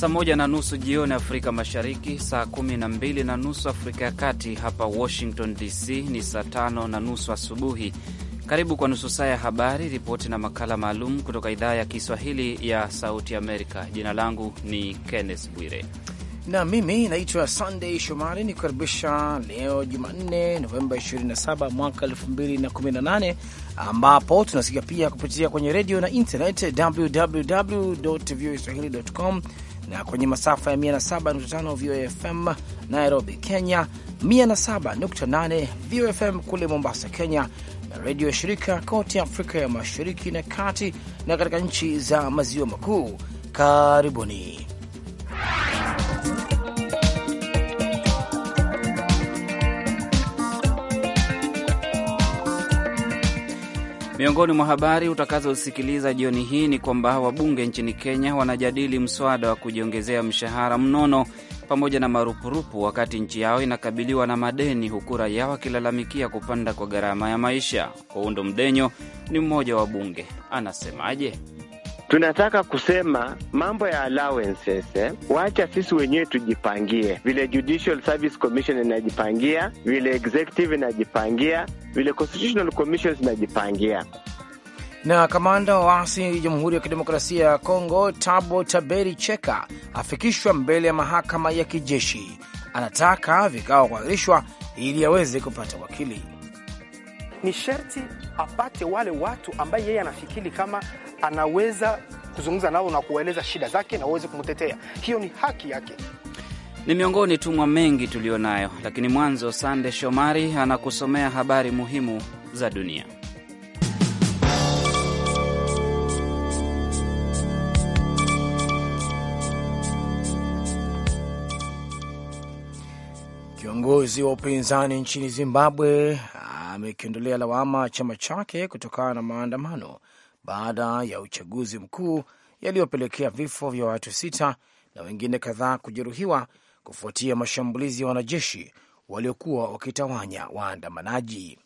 saa moja na nusu jioni Afrika Mashariki, saa kumi na mbili na nusu Afrika ya Kati. Hapa Washington DC ni saa tano na nusu asubuhi. Karibu kwa nusu saa ya habari, ripoti na makala maalum kutoka idhaa ya Kiswahili ya Sauti Amerika. Jina langu ni Kenneth Bwire na mimi naitwa Sunday Shomari, ni kukaribisha leo Jumanne, Novemba 27 mwaka 2018, ambapo tunasikia pia kupitia kwenye redio na internet www voaswahili.com na kwenye masafa ya 107.5 VOFM Nairobi, Kenya, 107.8 VOFM kule Mombasa, Kenya, na redio ya shirika kote Afrika ya mashariki na kati na katika nchi za maziwa makuu. Karibuni. Miongoni mwa habari utakazosikiliza jioni hii ni kwamba wabunge nchini Kenya wanajadili mswada wa kujiongezea mshahara mnono pamoja na marupurupu, wakati nchi yao inakabiliwa na madeni, huku raia wakilalamikia kupanda kwa gharama ya maisha. Kwa Undo Mdenyo ni mmoja wa bunge, anasemaje? Tunataka kusema mambo ya allowances eh, wacha sisi wenyewe tujipangie, vile Judicial Service Commission inajipangia, vile Executive inajipangia, vile Constitutional Commission inajipangia. Na kamanda wa waasi Jamhuri ya Kidemokrasia ya Kongo Tabo Taberi Cheka afikishwa mbele ya mahakama ya kijeshi, anataka vikao kuahirishwa ili aweze kupata wakili ni sherti apate wale watu ambaye yeye anafikiri kama anaweza kuzungumza nao na kuwaeleza shida zake na waweze kumtetea. Hiyo ni haki yake. Ni miongoni tu mwa mengi tuliyo nayo, lakini mwanzo, Sande Shomari anakusomea habari muhimu za dunia. Kiongozi wa upinzani nchini Zimbabwe amekiondolea lawama chama chake kutokana na maandamano baada ya uchaguzi mkuu yaliyopelekea vifo vya watu sita na wengine kadhaa kujeruhiwa kufuatia mashambulizi ya wanajeshi waliokuwa wakitawanya waandamanaji.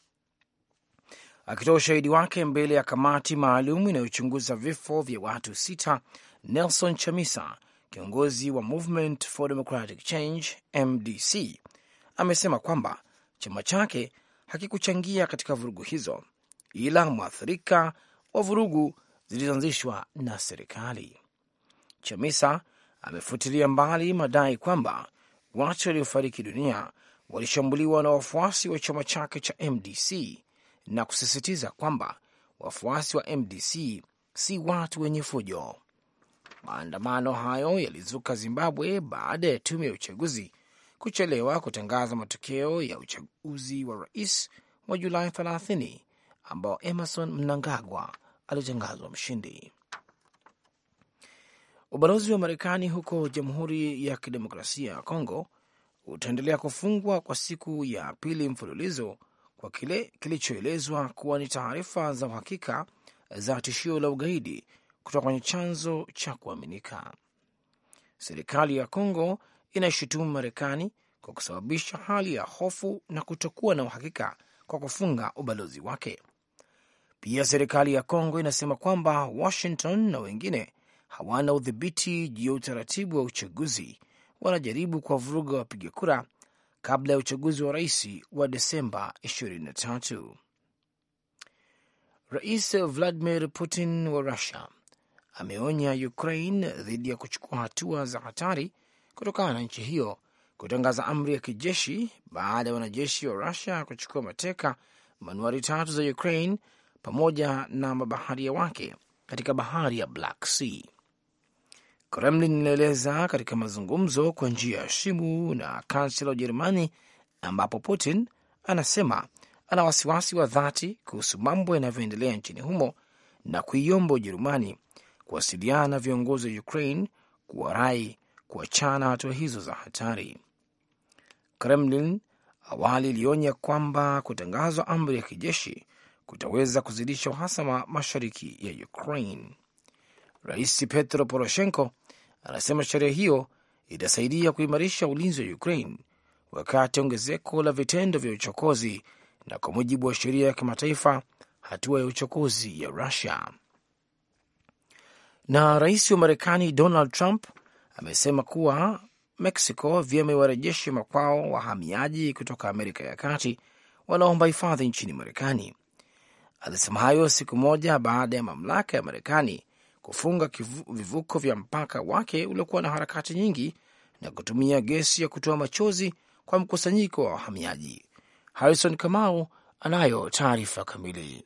Akitoa ushahidi wake mbele ya kamati maalum inayochunguza vifo vya watu sita, Nelson Chamisa, kiongozi wa Movement for Democratic Change MDC, amesema kwamba chama chake hakikuchangia katika vurugu hizo, ila mwathirika wa vurugu zilizoanzishwa na serikali. Chamisa amefutilia mbali madai kwamba watu waliofariki dunia walishambuliwa na wafuasi wa chama chake cha MDC na kusisitiza kwamba wafuasi wa MDC si watu wenye fujo. Maandamano hayo yalizuka Zimbabwe baada ya tume ya uchaguzi kuchelewa kutangaza matokeo ya uchaguzi wa rais wa Julai 30 ambao Emerson Mnangagwa alitangazwa mshindi. Ubalozi wa Marekani huko Jamhuri ya Kidemokrasia ya Kongo utaendelea kufungwa kwa siku ya pili mfululizo kwa kile kilichoelezwa kuwa ni taarifa za uhakika za tishio la ugaidi kutoka kwenye chanzo cha kuaminika. Serikali ya Kongo inashutumu Marekani kwa kusababisha hali ya hofu na kutokuwa na uhakika kwa kufunga ubalozi wake. Pia serikali ya Kongo inasema kwamba Washington na wengine hawana udhibiti juu ya utaratibu wa uchaguzi, wanajaribu kuwavuruga wapiga kura kabla ya uchaguzi wa rais wa Desemba 23. Rais Vladimir Putin wa Russia ameonya Ukraine dhidi ya kuchukua hatua za hatari kutokana na nchi hiyo kutangaza amri ya kijeshi baada ya wanajeshi wa Rusia kuchukua mateka manuari tatu za Ukraine pamoja na mabaharia wake katika bahari ya Black Sea. Kremlin inaeleza katika mazungumzo kwa njia ya simu na kansela wa Ujerumani, ambapo Putin anasema ana wasiwasi wa dhati kuhusu mambo yanavyoendelea nchini humo na kuiomba Ujerumani kuwasiliana na viongozi wa Ukraine kuwarai kuachana hatua hizo za hatari. Kremlin awali ilionya kwamba kutangazwa amri ya kijeshi kutaweza kuzidisha uhasama mashariki ya Ukraine. Rais Petro Poroshenko anasema sheria hiyo itasaidia kuimarisha ulinzi wa Ukraine wakati ongezeko la vitendo vya uchokozi, na kwa mujibu wa sheria ya kimataifa, hatua ya uchokozi ya Rusia. Na rais wa Marekani Donald Trump amesema kuwa Mexico vyema iwarejeshe makwao wahamiaji kutoka Amerika ya Kati wanaomba hifadhi nchini Marekani. Alisema hayo siku moja baada ya mamlaka ya Marekani kufunga vivuko vya mpaka wake uliokuwa na harakati nyingi na kutumia gesi ya kutoa machozi kwa mkusanyiko wa wahamiaji. Harrison Kamau anayo taarifa kamili.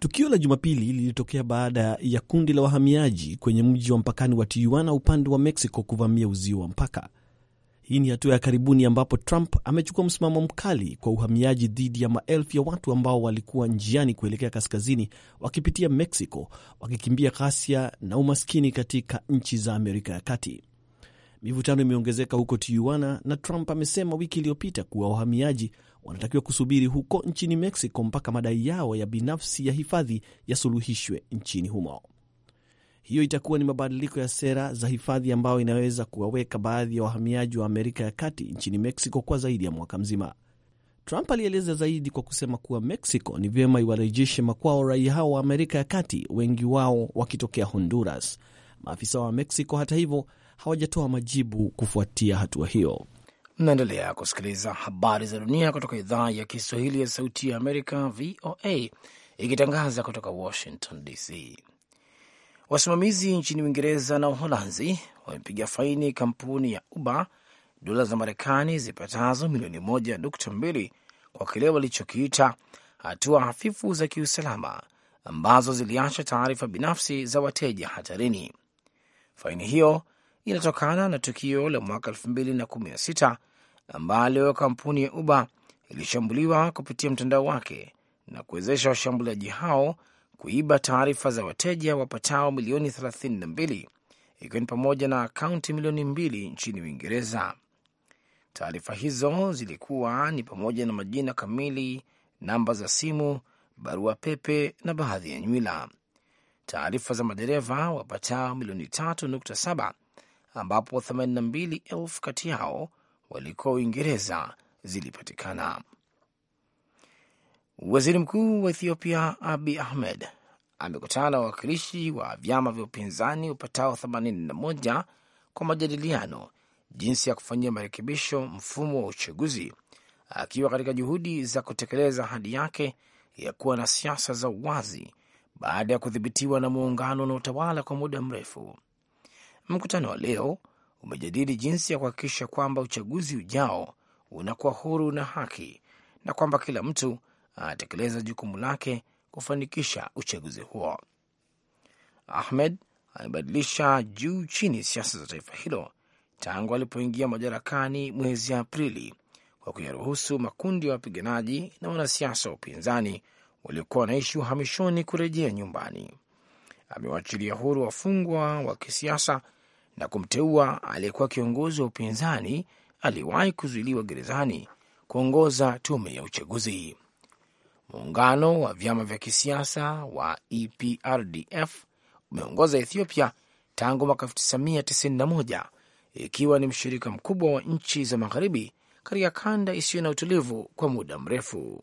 Tukio la Jumapili lilitokea baada ya kundi la wahamiaji kwenye mji wa mpakani wa Tijuana upande wa Mexico kuvamia uzio wa mpaka. Hii ni hatua ya karibuni ambapo Trump amechukua msimamo mkali kwa uhamiaji dhidi ya maelfu ya watu ambao walikuwa njiani kuelekea kaskazini wakipitia Mexico, wakikimbia ghasia na umaskini katika nchi za Amerika ya Kati. Mivutano imeongezeka huko Tijuana na Trump amesema wiki iliyopita kuwa wahamiaji wanatakiwa kusubiri huko nchini Mexico mpaka madai yao ya binafsi ya hifadhi yasuluhishwe nchini humo. Hiyo itakuwa ni mabadiliko ya sera za hifadhi ambayo inaweza kuwaweka baadhi ya wahamiaji wa Amerika ya Kati nchini Mexico kwa zaidi ya mwaka mzima. Trump alieleza zaidi kwa kusema kuwa Mexico ni vyema iwarejeshe makwao raia hao wa Amerika ya Kati, wengi wao wakitokea Honduras. Maafisa wa Mexico, hata hivyo, hawajatoa majibu kufuatia hatua hiyo. Mnaendelea kusikiliza habari za dunia kutoka idhaa ya Kiswahili ya Sauti ya Amerika, VOA, ikitangaza kutoka Washington DC. Wasimamizi nchini Uingereza na Uholanzi wamepiga faini kampuni ya Uber dola za Marekani zipatazo milioni moja nukta mbili kwa kile walichokiita hatua hafifu za kiusalama ambazo ziliacha taarifa binafsi za wateja hatarini. Faini hiyo inatokana na tukio la mwaka 2016 ambalo kampuni ya Uber ilishambuliwa kupitia mtandao wake na kuwezesha washambuliaji hao kuiba taarifa za wateja wapatao milioni 32 ikiwa ni pamoja na akaunti milioni mbili nchini Uingereza. Taarifa hizo zilikuwa ni pamoja na majina kamili, namba za simu, barua pepe na baadhi ya nywila. Taarifa za madereva wapatao milioni 3.7 ambapo 82,000 kati yao walikuwa Uingereza zilipatikana. Waziri mkuu wa Ethiopia Abi Ahmed amekutana na wawakilishi wa vyama vya upinzani upatao 81 kwa majadiliano jinsi ya kufanyia marekebisho mfumo wa uchaguzi, akiwa katika juhudi za kutekeleza ahadi yake ya kuwa na siasa za uwazi baada ya kudhibitiwa na muungano na utawala kwa muda mrefu. Mkutano wa leo umejadili jinsi ya kuhakikisha kwamba uchaguzi ujao unakuwa huru na haki na kwamba kila mtu anatekeleza jukumu lake kufanikisha uchaguzi huo. Ahmed amebadilisha juu chini siasa za taifa hilo tangu alipoingia madarakani mwezi Aprili kwa kuyaruhusu makundi ya wapiganaji na wanasiasa wa upinzani waliokuwa wanaishi uhamishoni kurejea nyumbani. amewachilia huru wafungwa wa kisiasa na kumteua aliyekuwa kiongozi wa upinzani aliyewahi kuzuiliwa gerezani kuongoza tume ya uchaguzi. Muungano wa vyama vya kisiasa wa EPRDF umeongoza Ethiopia tangu mwaka 1991 ikiwa ni mshirika mkubwa wa nchi za magharibi katika kanda isiyo na utulivu kwa muda mrefu.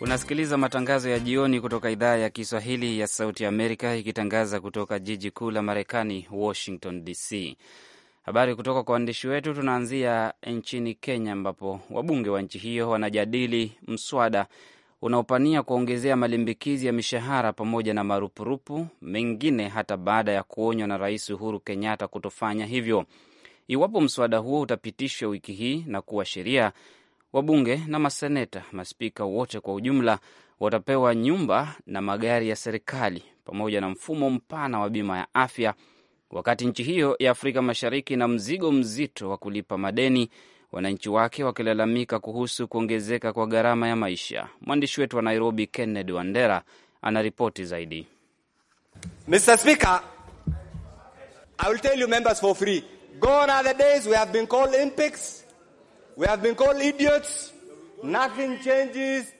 Unasikiliza matangazo ya jioni kutoka idhaa ya Kiswahili ya Sauti Amerika ikitangaza kutoka jiji kuu la Marekani, Washington DC. Habari kutoka kwa waandishi wetu, tunaanzia nchini Kenya ambapo wabunge wa nchi hiyo wanajadili mswada unaopania kuongezea malimbikizi ya mishahara pamoja na marupurupu mengine hata baada ya kuonywa na Rais Uhuru Kenyatta kutofanya hivyo. Iwapo mswada huo utapitishwa wiki hii na kuwa sheria, Wabunge na maseneta, maspika wote kwa ujumla watapewa nyumba na magari ya serikali pamoja na mfumo mpana wa bima ya afya, wakati nchi hiyo ya Afrika Mashariki na mzigo mzito wa kulipa madeni, wananchi wake wakilalamika kuhusu kuongezeka kwa gharama ya maisha. Mwandishi wetu wa Nairobi, Kennedy Wandera, anaripoti zaidi. Mr. Speaker, I will tell you members for free. Gone are the days we have been called We have been called idiots. Nothing changes.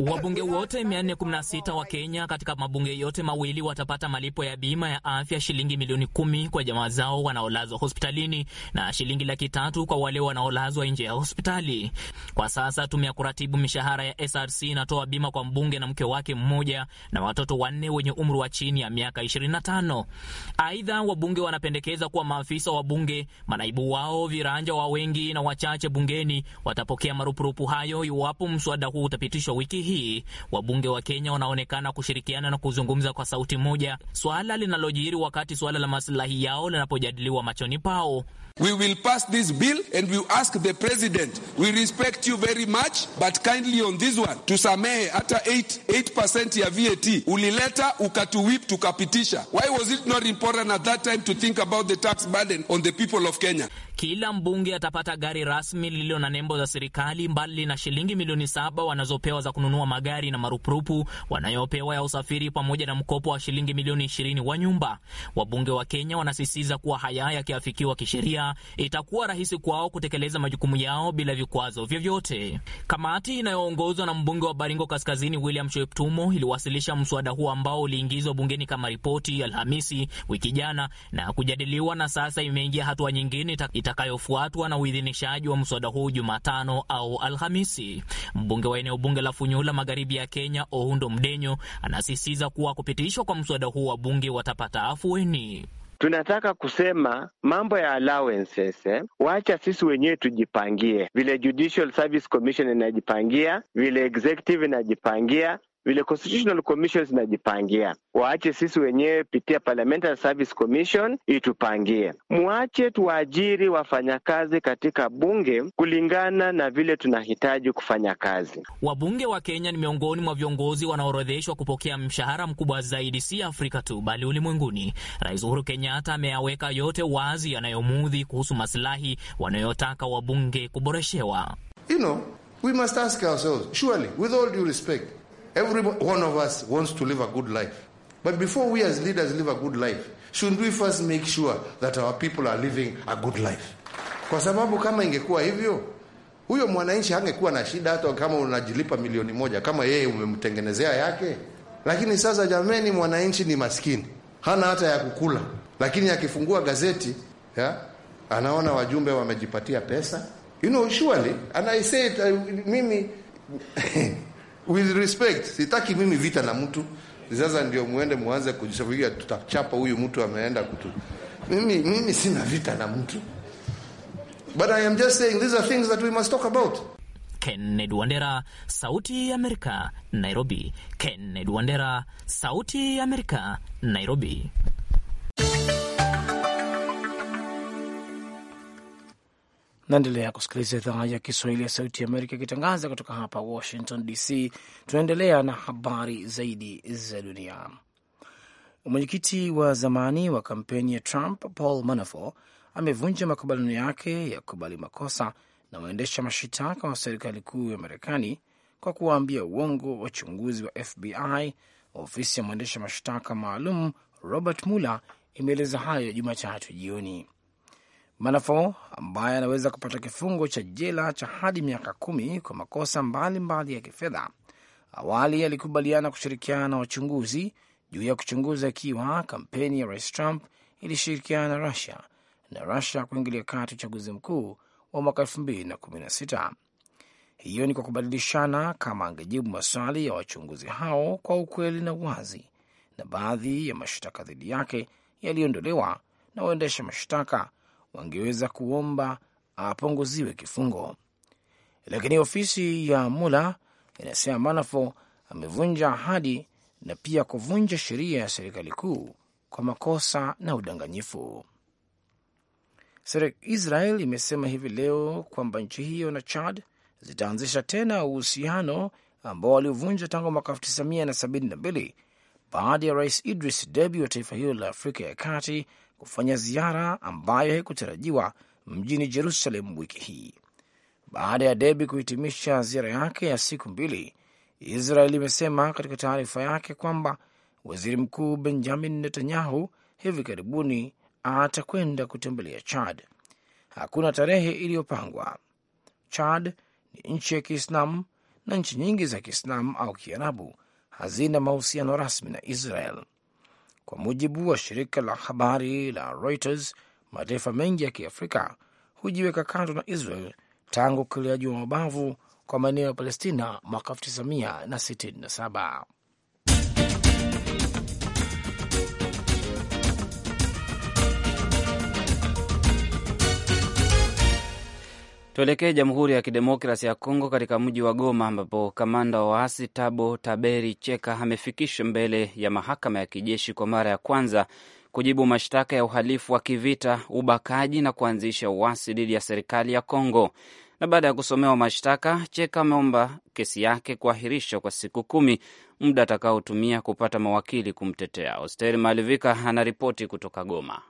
Wabunge wote 416 wa Kenya katika mabunge yote mawili watapata malipo ya bima ya afya shilingi milioni kumi kwa jamaa zao wanaolazwa hospitalini na shilingi laki tatu kwa wale wanaolazwa nje ya hospitali. Kwa sasa tume ya kuratibu mishahara ya SRC inatoa bima kwa mbunge na mke wake mmoja na watoto wanne wenye umri wa chini ya miaka 25. Aidha, wabunge wanapendekeza kuwa maafisa wa bunge, manaibu wao, viranja wa wengi na wachache bungeni watapokea marupurupu hayo iwapo mswada huu utapitishwa wiki hii hii wabunge wa Kenya wanaonekana kushirikiana na kuzungumza kwa sauti moja, swala linalojiri wakati swala la masilahi yao linapojadiliwa machoni pao. We will pass this bill and we ask the president, we respect you very much but kindly on this one tusamehe hata 8% ya VAT ulileta ukatuwip tukapitisha. Why was it not important at that time to think about the tax burden on the people of Kenya? Kila mbunge atapata gari rasmi lililo na nembo za serikali mbali na shilingi milioni saba wanazopewa za kununua magari na marupurupu wanayopewa ya usafiri pamoja na mkopo wa shilingi milioni ishirini wa nyumba. Wabunge wa Kenya wanasisitiza kuwa haya yakiafikiwa kisheria, itakuwa rahisi kwao kutekeleza majukumu yao bila vikwazo vyovyote. Kamati inayoongozwa na mbunge wa Baringo Kaskazini William Cheptumo iliwasilisha mswada huo ambao uliingizwa bungeni kama ripoti Alhamisi wiki jana na kujadiliwa, na sasa imeingia hatua nyingine ita itakayofuatwa na uidhinishaji wa mswada huu Jumatano au Alhamisi. Mbunge wa eneo bunge la Funyula magharibi ya Kenya, Oundo Mdenyo, anasisitiza kuwa kupitishwa kwa mswada huu wa bunge watapata afueni. Tunataka kusema mambo ya allowances eh, wacha sisi wenyewe tujipangie, vile Judicial Service Commission inajipangia, vile executive inajipangia, vile Constitutional Commission zinajipangia. Waache sisi wenyewe pitia Parliamentary Service Commission itupangie, mwache tuwaajiri wafanyakazi katika bunge kulingana na vile tunahitaji kufanya kazi. Wabunge wa Kenya ni miongoni mwa viongozi wanaorodheshwa kupokea mshahara mkubwa zaidi, si Afrika tu bali ulimwenguni. Rais Uhuru Kenyatta ameyaweka yote wazi yanayomudhi kuhusu masilahi wanayotaka wabunge kuboreshewa. You know, we must ask ourselves, surely, with all due respect Every one of us wants to live a good life. But before we as leaders live a good life, should we first make sure that our people are living a good life? Kwa sababu kama ingekuwa hivyo, huyo mwananchi hangekuwa na shida hata kama unajilipa milioni moja kama yeye umemtengenezea yake. Lakini sasa jameni, mwananchi ni maskini, hana hata ya kukula, lakini akifungua gazeti ya, anaona wajumbe wamejipatia pesa. You know, surely, and I say it, uh, mimi with respect. Sitaki mimi vita na mtu sasa ndio muende muanze kujisafiria, tutachapa huyu mtu ameenda kutu. Mimi mimi sina vita na mtu. But I am just saying these are things that we must talk about. Kennedy Wandera, Sauti ya Amerika, Nairobi. Kennedy Wandera, Sauti ya Amerika, Nairobi. Naendelea kusikiliza idhaa ya Kiswahili ya Sauti ya Amerika ikitangaza kutoka hapa Washington DC. Tunaendelea na habari zaidi za dunia. Mwenyekiti wa zamani wa kampeni ya Trump Paul Manafort amevunja makubaliano yake ya kukubali makosa na waendesha mashitaka wa serikali kuu ya Marekani kwa kuwaambia uongo wachunguzi wa FBI. Ofisi ya mwendesha mashtaka maalum Robert Mueller imeeleza hayo Jumatatu jioni. Manafo ambaye anaweza kupata kifungo cha jela cha hadi miaka kumi kwa makosa mbalimbali mbali ya kifedha, awali alikubaliana kushirikiana na wachunguzi juu ya kuchunguza ikiwa kampeni ya rais Trump ilishirikiana na Rusia na Rusia kuingilia kati uchaguzi mkuu wa mwaka 2016. Hiyo ni kwa kubadilishana kama angejibu maswali ya wachunguzi hao kwa ukweli na uwazi, na baadhi ya mashtaka dhidi yake yaliondolewa na waendesha mashtaka wangeweza kuomba apunguziwe kifungo, lakini ofisi ya Mula inasema Manafo amevunja ahadi na pia kuvunja sheria ya serikali kuu kwa makosa na udanganyifu. Israel imesema hivi leo kwamba nchi hiyo na Chad zitaanzisha tena uhusiano ambao waliovunja tangu mwaka 1972 baada ya Rais Idris Deby wa taifa hilo la Afrika ya Kati kufanya ziara ambayo haikutarajiwa mjini Jerusalem wiki hii. Baada ya Debi kuhitimisha ziara yake ya siku mbili, Israel imesema katika taarifa yake kwamba waziri mkuu Benjamin Netanyahu hivi karibuni atakwenda kutembelea Chad. Hakuna tarehe iliyopangwa. Chad ni nchi ya Kiislamu na nchi nyingi za Kiislamu au Kiarabu hazina mahusiano rasmi na Israel. Kwa mujibu wa shirika la habari la Reuters, mataifa mengi ya Kiafrika hujiweka kando na Israel tangu ukaliaji wa mabavu kwa maeneo ya Palestina mwaka 1967. Tuelekee Jamhuri ya Kidemokrasi ya Kongo, katika mji wa Goma ambapo kamanda wa waasi Tabo Taberi Cheka amefikishwa mbele ya mahakama ya kijeshi kwa mara ya kwanza kujibu mashtaka ya uhalifu wa kivita, ubakaji na kuanzisha uasi dhidi ya serikali ya Kongo. Na baada ya kusomewa mashtaka, Cheka ameomba kesi yake kuahirishwa kwa siku kumi, muda atakaotumia kupata mawakili kumtetea. Osteri Malivika anaripoti kutoka Goma.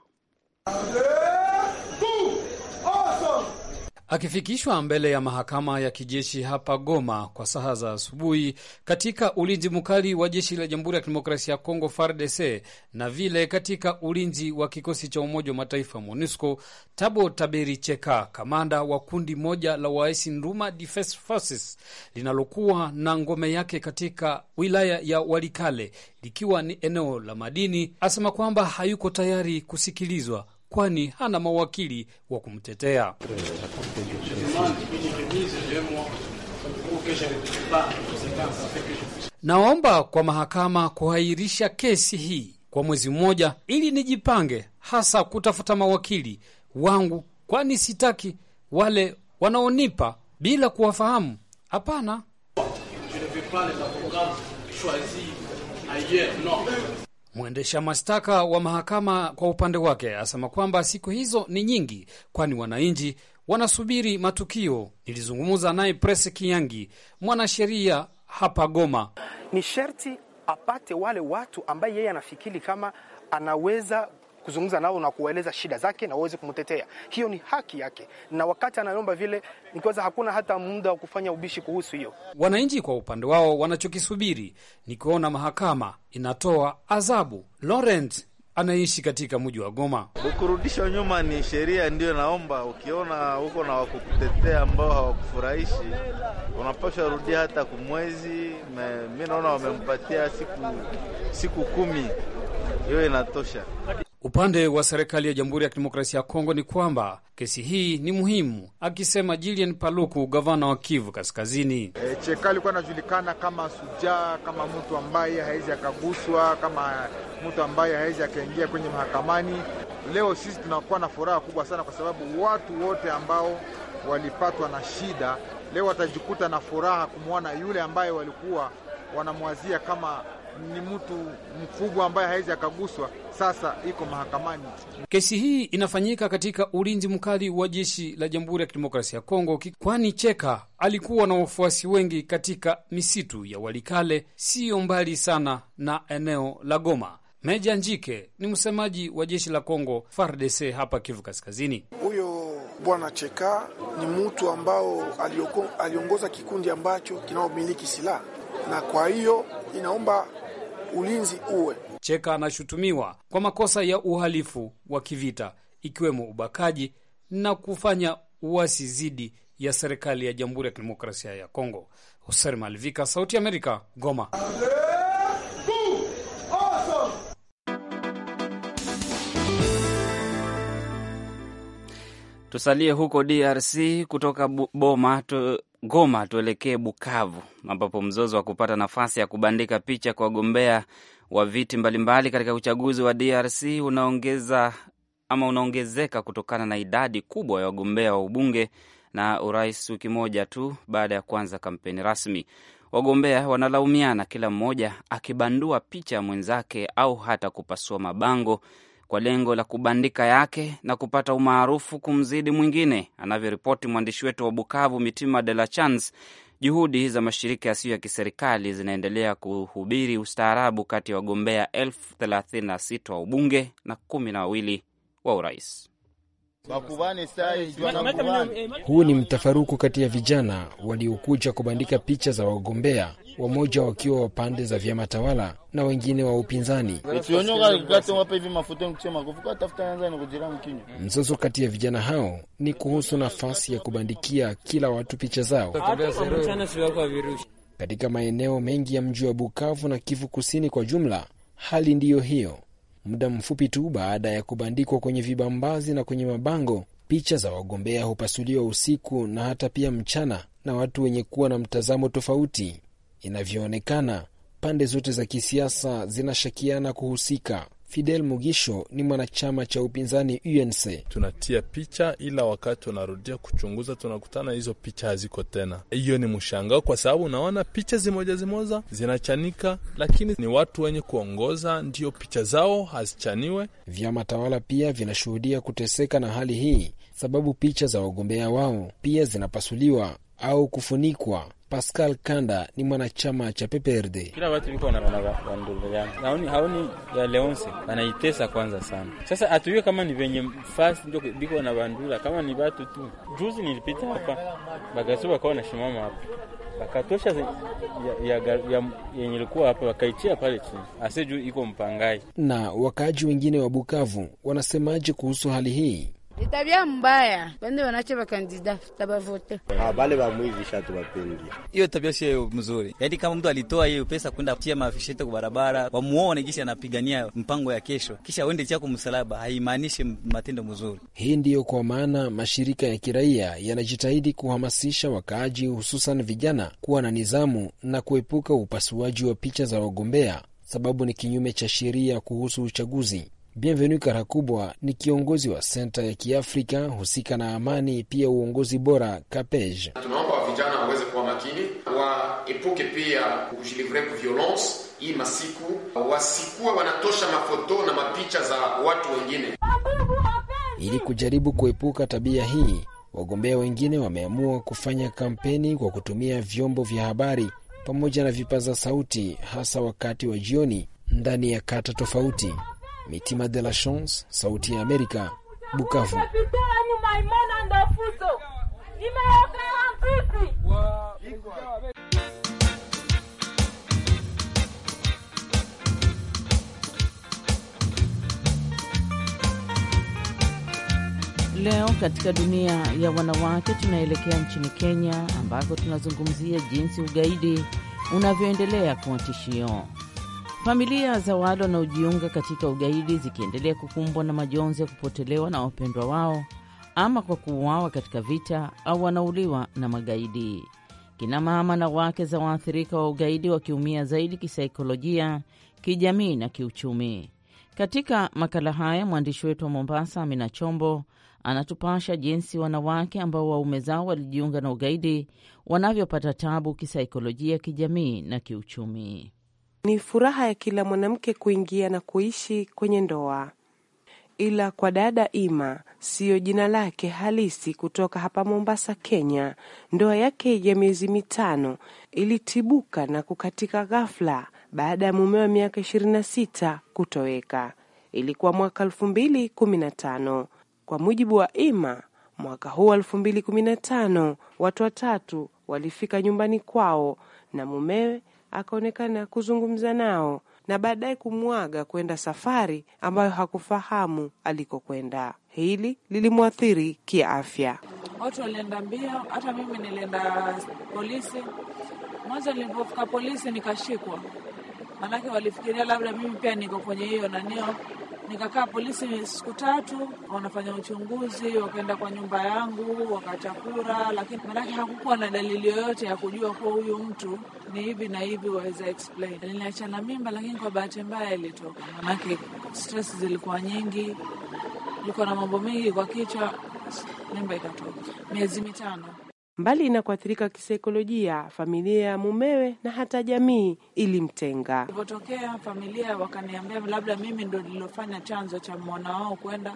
Akifikishwa mbele ya mahakama ya kijeshi hapa Goma kwa saha za asubuhi katika ulinzi mkali wa jeshi la Jamhuri ya Kidemokrasia ya Kongo FARDC na vile katika ulinzi wa kikosi cha Umoja wa Mataifa MONUSCO, Tabo Taberi Cheka, kamanda wa kundi moja la waasi Nduma Defense Forces linalokuwa na ngome yake katika wilaya ya Walikale likiwa ni eneo la madini, asema kwamba hayuko tayari kusikilizwa kwani hana mawakili wa kumtetea. Naomba kwa mahakama kuahirisha kesi hii kwa mwezi mmoja, ili nijipange hasa kutafuta mawakili wangu, kwani sitaki wale wanaonipa bila kuwafahamu. Hapana. Mwendesha mashtaka wa mahakama kwa upande wake asema kwamba siku hizo ni nyingi, kwani wananchi wanasubiri matukio. Nilizungumza naye prese Kiangi, mwanasheria hapa Goma. Ni sherti apate wale watu ambaye yeye anafikiri kama anaweza kuzungumza nao na kuwaeleza shida zake na waweze kumtetea. Hiyo ni haki yake, na wakati anaomba vile nikiwaza, hakuna hata muda wa kufanya ubishi kuhusu hiyo. Wananchi kwa upande wao wanachokisubiri ni kuona mahakama inatoa adhabu. Laurent anaishi katika mji wa Goma. Ukurudishwa nyuma ni sheria, ndiyo naomba. Ukiona huko na wakukutetea ambao hawakufurahishi, unapashwa rudia hata kumwezi. Mi naona wamempatia siku, siku kumi, hiyo inatosha. Upande wa serikali ya Jamhuri ya Kidemokrasia ya Kongo ni kwamba kesi hii ni muhimu, akisema jilian Paluku, gavana wa Kivu Kaskazini. E, Cheka alikuwa anajulikana kama sujaa, kama mtu ambaye hawezi akaguswa, kama mtu ambaye hawezi akaingia kwenye mahakamani. Leo sisi tunakuwa na furaha kubwa sana, kwa sababu watu wote ambao walipatwa na shida leo watajikuta na furaha kumwona yule ambaye walikuwa wanamwazia kama ni mtu mkubwa ambaye hawezi akaguswa, sasa iko mahakamani. Kesi hii inafanyika katika ulinzi mkali wa jeshi la Jamhuri ya Kidemokrasia ya Kongo, kwani Cheka alikuwa na wafuasi wengi katika misitu ya Walikale, siyo mbali sana na eneo la Goma. Meja Njike ni msemaji wa jeshi la Kongo FARDC hapa Kivu Kaskazini. Huyo bwana Cheka ni mtu ambao aliongoza kikundi ambacho kinaomiliki silaha, na kwa hiyo inaomba ulinzi uwe. Cheka anashutumiwa kwa makosa ya uhalifu wa kivita ikiwemo ubakaji na kufanya uasi dhidi ya serikali ya Jamhuri ya Kidemokrasia ya Kongo. Hoser Malvika, Sauti Amerika, Goma. Tusalie huko DRC kutoka Boma tu, Goma tuelekee Bukavu ambapo mzozo wa kupata nafasi ya kubandika picha kwa wagombea wa viti mbalimbali katika uchaguzi wa DRC unaongeza ama unaongezeka kutokana na idadi kubwa ya wagombea wa ubunge na urais wiki moja tu baada ya kuanza kampeni rasmi. Wagombea wanalaumiana, kila mmoja akibandua picha ya mwenzake au hata kupasua mabango kwa lengo la kubandika yake na kupata umaarufu kumzidi mwingine, anavyoripoti mwandishi wetu wa Bukavu Mitima de la Chance. Juhudi za mashirika yasiyo ya kiserikali zinaendelea kuhubiri ustaarabu kati ya wagombea elfu thelathini na sita wa ubunge na kumi na wawili wa urais. Eh, Huu ni mtafaruku kati ya vijana waliokuja kubandika picha za wagombea wamoja wakiwa wa pande za vyama tawala na wengine wa upinzani. Mzozo kati ya vijana hao ni kuhusu nafasi ya kubandikia kila watu picha zao katika maeneo mengi ya mji wa Bukavu na Kivu Kusini kwa jumla. Hali ndiyo hiyo. Muda mfupi tu baada ya kubandikwa kwenye vibambazi na kwenye mabango, picha za wagombea hupasuliwa usiku na hata pia mchana na watu wenye kuwa na mtazamo tofauti. Inavyoonekana, pande zote za kisiasa zinashakiana kuhusika. Fidel Mugisho ni mwanachama cha upinzani UNC. Tunatia picha, ila wakati tunarudia kuchunguza tunakutana hizo picha haziko tena. Hiyo ni mshangao, kwa sababu unaona picha zimoja zimoja zinachanika, lakini ni watu wenye kuongoza ndio picha zao hazichaniwe. Vyama tawala pia vinashuhudia kuteseka na hali hii, sababu picha za wagombea wao pia zinapasuliwa au kufunikwa Pascal Kanda ni mwanachama cha PPRD. Kila watu iko wanadulugana haoni hauni ya leonse wanaitesa kwanza sana. Sasa atuiwe kama ni venye fasi ndio biko na kama ni vatu tu. Juzi nilipita hapa bagasu wakawa nashimama hapa bakatosha yenye ilikuwa hapa wakaichia pale chini ase juu iko mpangai. Na wakaaji wengine wa Bukavu wanasemaje kuhusu hali hii? itabia mbaya, bende wanache bakandida tabavote ah, bale bamwivisha tubapendi. Hiyo tabia sio mzuri, yaani kama mtu alitoa hiyo pesa kwenda kutia maafishete kwa barabara, wamuone jinsi anapigania mpango ya kesho, kisha wende chako msalaba, haimaanishi matendo mzuri. Hii ndiyo kwa maana mashirika ya kiraia yanajitahidi kuhamasisha wakaaji, hususan vijana, kuwa na nidhamu na kuepuka upasuaji wa picha za wagombea, sababu ni kinyume cha sheria kuhusu uchaguzi. Bienvenu Karakubwa ni kiongozi wa senta ya Kiafrika husika na amani pia uongozi bora CAPEJ. Tunaomba wavijana waweze kuwa makini, waepuke pia kujilivre violence hii masiku, wasikuwa wanatosha mafoto na mapicha za watu wengine. Ili kujaribu kuepuka tabia hii, wagombea wengine wameamua kufanya kampeni kwa kutumia vyombo vya habari pamoja na vipaza sauti, hasa wakati wa jioni ndani ya kata tofauti. Mitima de la Chance, Sauti ya Amerika, Bukavu. Leo katika dunia ya wanawake tunaelekea nchini Kenya ambako tunazungumzia jinsi ugaidi unavyoendelea kuwa tishio. Familia za wale wanaojiunga katika ugaidi zikiendelea kukumbwa na majonzi ya kupotelewa na wapendwa wao ama kwa kuuawa katika vita au wanauliwa na magaidi. Kina mama na wake za waathirika wa ugaidi wakiumia zaidi kisaikolojia, kijamii na kiuchumi. Katika makala haya mwandishi wetu wa Mombasa, Amina Chombo, anatupasha jinsi wanawake ambao waume zao walijiunga na ugaidi wanavyopata tabu kisaikolojia, kijamii na kiuchumi. Ni furaha ya kila mwanamke kuingia na kuishi kwenye ndoa, ila kwa dada Ima siyo jina lake halisi. Kutoka hapa Mombasa, Kenya, ndoa yake ya miezi mitano ilitibuka na kukatika ghafla baada ya wa miaka 26 kutoweka. Ilikuwa mwaka tano. kwa mujibu wa Ima. Mwaka huu tano watu watatu walifika nyumbani kwao na mumewe akaonekana kuzungumza nao na baadaye kumwaga kwenda safari ambayo hakufahamu alikokwenda. Hili lilimwathiri kiafya. Watu walienda mbio, hata mimi nilienda polisi. Mwanzo nilipofika polisi nikashikwa, maanake walifikiria labda mimi pia niko kwenye hiyo nanio Nikakaa polisi siku tatu, wanafanya uchunguzi, wakaenda kwa nyumba yangu wakachakura, lakini manake hakukuwa na dalili yoyote ya kujua kuwa huyu mtu ni hivi na hivi, waweza explain. Niliachana mimba, lakini kwa bahati mbaya ilitoka, manake stress zilikuwa nyingi, ilikuwa na mambo mengi kwa kichwa, mimba ikatoka miezi mitano. Mbali na kuathirika kisaikolojia, familia ya mumewe na hata jamii ilimtenga. Ilipotokea familia wakaniambia labda mimi ndo nililofanya chanzo cha mwana wao kwenda,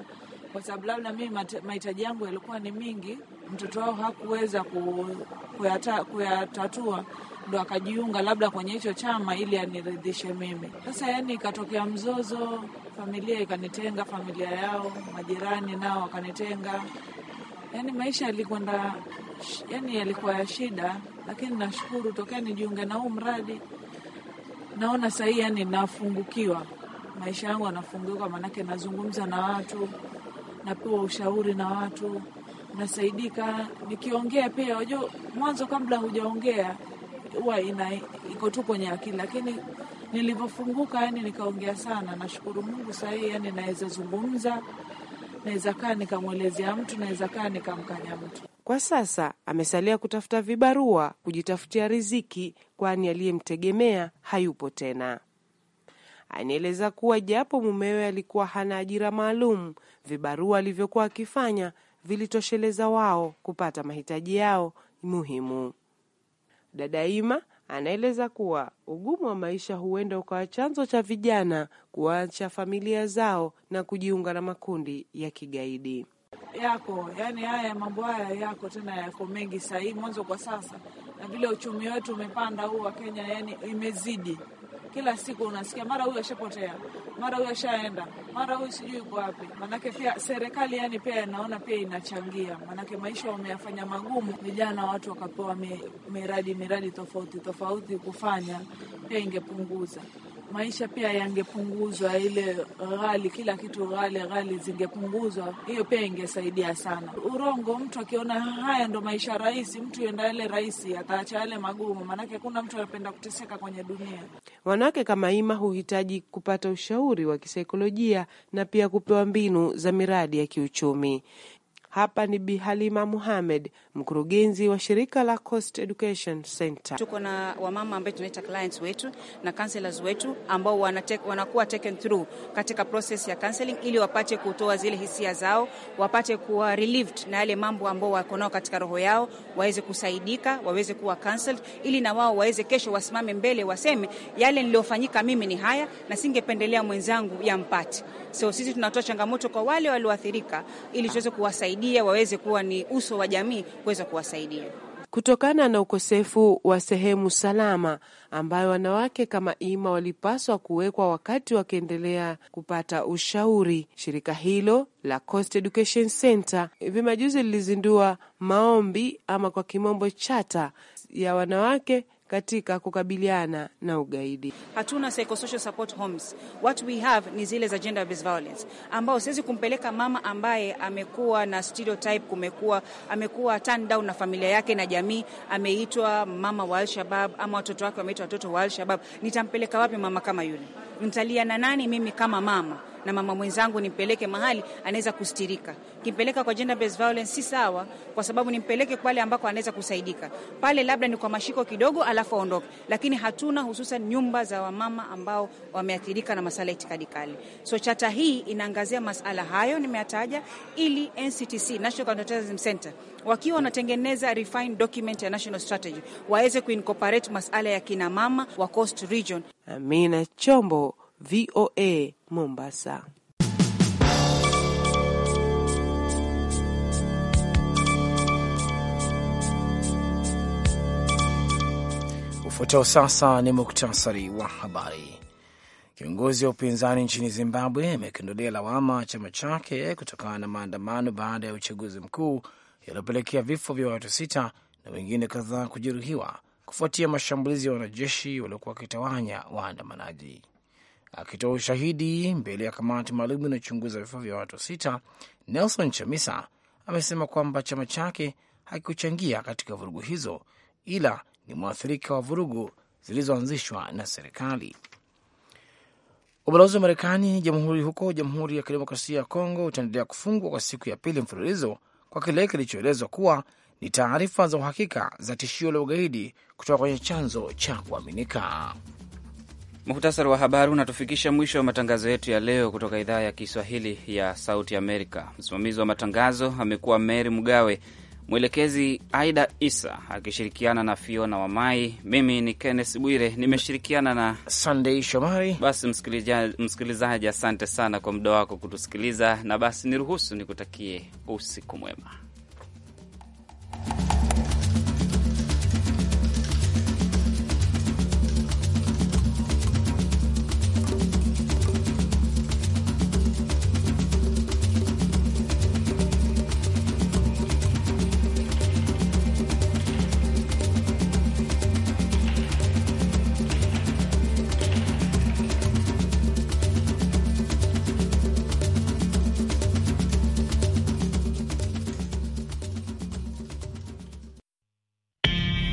kwa sababu labda mimi mahitaji yangu yalikuwa ni mingi, mtoto wao hakuweza kuyata, kuyatatua ndo akajiunga labda kwenye hicho chama ili aniridhishe mimi. Sasa yani ikatokea mzozo, familia ikanitenga, familia yao, majirani nao wakanitenga, yani maisha yalikwenda yani yalikuwa ya shida, lakini nashukuru tokea nijiunge na huu mradi naona sahii, yani nafungukiwa maisha yangu anafunguka, maanake nazungumza na watu, napewa ushauri na watu, nasaidika nikiongea pia. Wajua, mwanzo kabla hujaongea huwa ina iko tu kwenye akili, lakini nilivyofunguka, yani nikaongea sana, nashukuru Mungu sahii, yani naweza zungumza, naweza kaa nikamwelezea mtu, naweza kaa nikamkanya mtu. Kwa sasa amesalia kutafuta vibarua kujitafutia riziki, kwani aliyemtegemea hayupo tena. Anaeleza kuwa japo mumewe alikuwa hana ajira maalum, vibarua alivyokuwa akifanya vilitosheleza wao kupata mahitaji yao muhimu. Dada Ima anaeleza kuwa ugumu wa maisha huenda ukawa chanzo cha vijana kuacha familia zao na kujiunga na makundi ya kigaidi yako, yani haya mambo haya yako tena, yako mengi hii mwanzo kwa sasa, na vile uchumi wetu umepanda huu wa Kenya, yani imezidi kila siku unasikia mara huyu ashapotea, mara huyu ashaenda, mara huyu sijui yuko wapi. Manake pia serikali yani pia inaona pia inachangia, manake maisha wameyafanya magumu vijana, watu wakapewa miradi miradi tofauti tofauti kufanya, pia ingepunguza maisha pia yangepunguzwa, ile ghali, kila kitu ghali ghali zingepunguzwa, hiyo pia ingesaidia sana. Urongo, mtu akiona haya ndo maisha rahisi, mtu yenda yale rahisi, ataacha yale magumu, maanake hakuna mtu anapenda kuteseka kwenye dunia. Wanawake kama Ima huhitaji kupata ushauri wa kisaikolojia na pia kupewa mbinu za miradi ya kiuchumi. Hapa ni Bi Halima Muhamed mkurugenzi wa shirika la Coast Education Center. Tuko na wamama ambao tunaita clients wetu na counselors wetu ambao wanakuwa taken through katika process ya counseling ili wapate kutoa zile hisia zao, wapate kuwa relieved na yale mambo ambao wako nao katika roho yao, waweze kusaidika, waweze kuwa counseled ili na wao waweze kesho wasimame mbele waseme, yale niliyofanyika mimi ni haya na singependelea mwenzangu yampate. So sisi tunatoa changamoto kwa wale walioathirika ili tuweze kuwasaidia waweze kuwa ni uso wa jamii kuweza kuwasaidia kutokana na ukosefu wa sehemu salama ambayo wanawake kama Ima walipaswa kuwekwa wakati wakiendelea kupata ushauri. Shirika hilo la Coast Education Center hivi majuzi lilizindua maombi ama kwa kimombo chata ya wanawake katika kukabiliana na ugaidi. Hatuna psychosocial support homes. What we have ni zile za gender based violence, ambao siwezi kumpeleka mama ambaye amekuwa na stereotype, kumekuwa amekuwa turned down na familia yake na jamii, ameitwa mama wa Alshabab ama watoto wake wameitwa watoto wa Alshabab. Nitampeleka wapi mama kama yule? Nitalia na nani mimi kama mama? na mama mwenzangu nimpeleke mahali anaweza kustirika. Kimpeleka kwa gender based violence si sawa, kwa sababu nimpeleke pale ambako anaweza kusaidika. Pale labda ni kwa mashiko kidogo, alafu aondoke, lakini hatuna hususan nyumba za wamama ambao wameathirika na masala ya itikadi kali. So chata hii inaangazia masala hayo nimeyataja, ili NCTC, National Counterterrorism Center, wakiwa wanatengeneza refined document ya national strategy waweze kuincorporate masala ya kina mama wa Coast Region. Amina Chombo, VOA Mombasa. Ufuatao sasa ni muktasari wa habari. Kiongozi wa upinzani nchini Zimbabwe amekiondolea lawama chama chake kutokana na maandamano baada ya uchaguzi mkuu yaliyopelekea vifo vya watu sita na wengine kadhaa kujeruhiwa kufuatia mashambulizi ya wanajeshi waliokuwa wakitawanya waandamanaji. Akitoa ushahidi mbele ya kamati maalum inayochunguza vifo vya watu sita, Nelson Chamisa amesema kwamba chama chake hakikuchangia katika vurugu hizo, ila ni mwathirika wa vurugu zilizoanzishwa na serikali. Ubalozi wa Marekani jamhuri huko Jamhuri ya Kidemokrasia ya Kongo utaendelea kufungwa kwa siku ya pili mfululizo kwa kile kilichoelezwa kuwa ni taarifa za uhakika za tishio la ugaidi kutoka kwenye chanzo cha kuaminika. Muhtasari wa habari unatufikisha mwisho wa matangazo yetu ya leo kutoka idhaa ya Kiswahili ya Sauti Amerika. Msimamizi wa matangazo amekuwa Mary Mgawe, mwelekezi Aida Isa akishirikiana na Fiona Wamai. Mimi ni Kenneth Bwire, nimeshirikiana na Sandei Shomari. Basi msikilizaji, asante sana kwa muda wako kutusikiliza, na basi niruhusu nikutakie usiku mwema.